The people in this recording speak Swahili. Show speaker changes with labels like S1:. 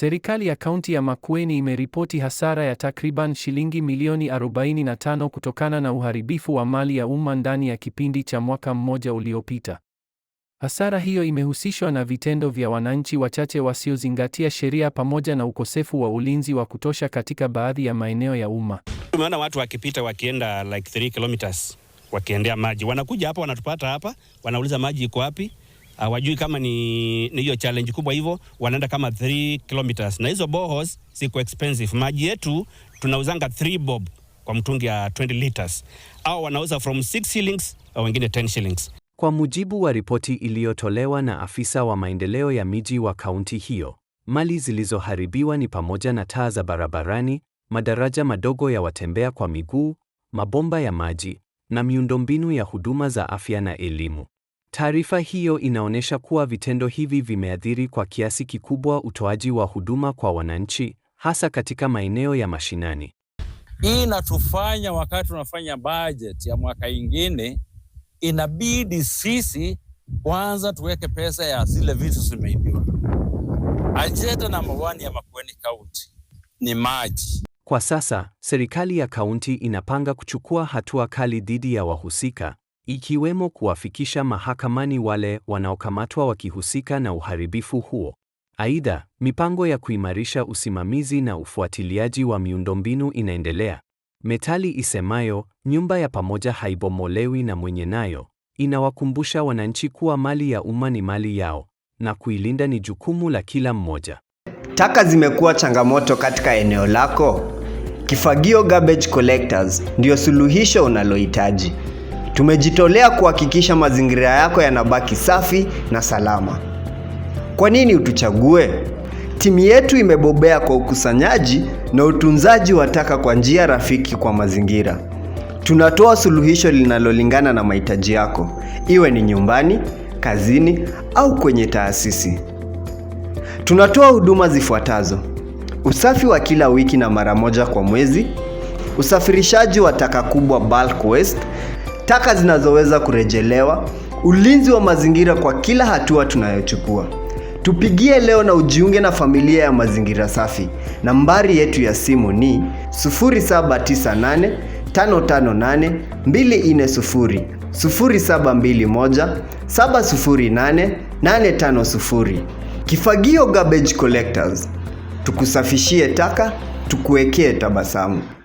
S1: Serikali ya kaunti ya Makueni imeripoti hasara ya takriban shilingi milioni 45 kutokana na uharibifu wa mali ya umma ndani ya kipindi cha mwaka mmoja uliopita. Hasara hiyo imehusishwa na vitendo vya wananchi wachache wasiozingatia sheria pamoja na ukosefu wa ulinzi wa kutosha katika baadhi ya maeneo ya umma.
S2: Tumeona watu wakipita wakienda like 3 kilometers wakiendea maji, wanakuja hapa wanatupata hapa, wanauliza maji iko wapi? hawajui ah, uh, kama ni hiyo challenge kubwa hivyo, wanaenda kama 3 kilometers, na hizo bohos ziko expensive. Maji yetu tunauzanga 3 bob kwa mtungi ya 20 liters, au wanauza from 6 shillings au wengine 10 shillings.
S1: Kwa mujibu wa ripoti iliyotolewa na afisa wa maendeleo ya miji wa kaunti hiyo, mali zilizoharibiwa ni pamoja na taa za barabarani, madaraja madogo ya watembea kwa miguu, mabomba ya maji na miundombinu ya huduma za afya na elimu. Taarifa hiyo inaonyesha kuwa vitendo hivi vimeathiri kwa kiasi kikubwa utoaji wa huduma kwa wananchi, hasa katika maeneo ya mashinani.
S3: Hii inatufanya wakati tunafanya bajeti ya mwaka ingine, inabidi sisi kwanza tuweke pesa ya zile vitu zimeibiwa. Ajenda namba moja ya Makueni Kaunti ni maji.
S1: Kwa sasa serikali ya kaunti inapanga kuchukua hatua kali dhidi ya wahusika, ikiwemo kuwafikisha mahakamani wale wanaokamatwa wakihusika na uharibifu huo. Aidha, mipango ya kuimarisha usimamizi na ufuatiliaji wa miundombinu inaendelea. Methali isemayo nyumba ya pamoja haibomolewi na mwenye nayo inawakumbusha wananchi kuwa mali ya umma ni mali yao na kuilinda ni jukumu la kila mmoja.
S4: Taka zimekuwa changamoto katika eneo lako? Kifagio Garbage Collectors ndio suluhisho unalohitaji. Tumejitolea kuhakikisha mazingira yako yanabaki safi na salama. Kwa nini utuchague? Timu yetu imebobea kwa ukusanyaji na utunzaji wa taka kwa njia rafiki kwa mazingira. Tunatoa suluhisho linalolingana na mahitaji yako, iwe ni nyumbani, kazini au kwenye taasisi. Tunatoa huduma zifuatazo: usafi wa kila wiki na mara moja kwa mwezi, usafirishaji wa taka kubwa bulk waste taka zinazoweza kurejelewa, ulinzi wa mazingira kwa kila hatua tunayochukua. Tupigie leo na ujiunge na familia ya mazingira safi. Nambari yetu ya simu ni 0798 Kifagio Garbage Collectors, tukusafishie taka, tukuwekee tabasamu.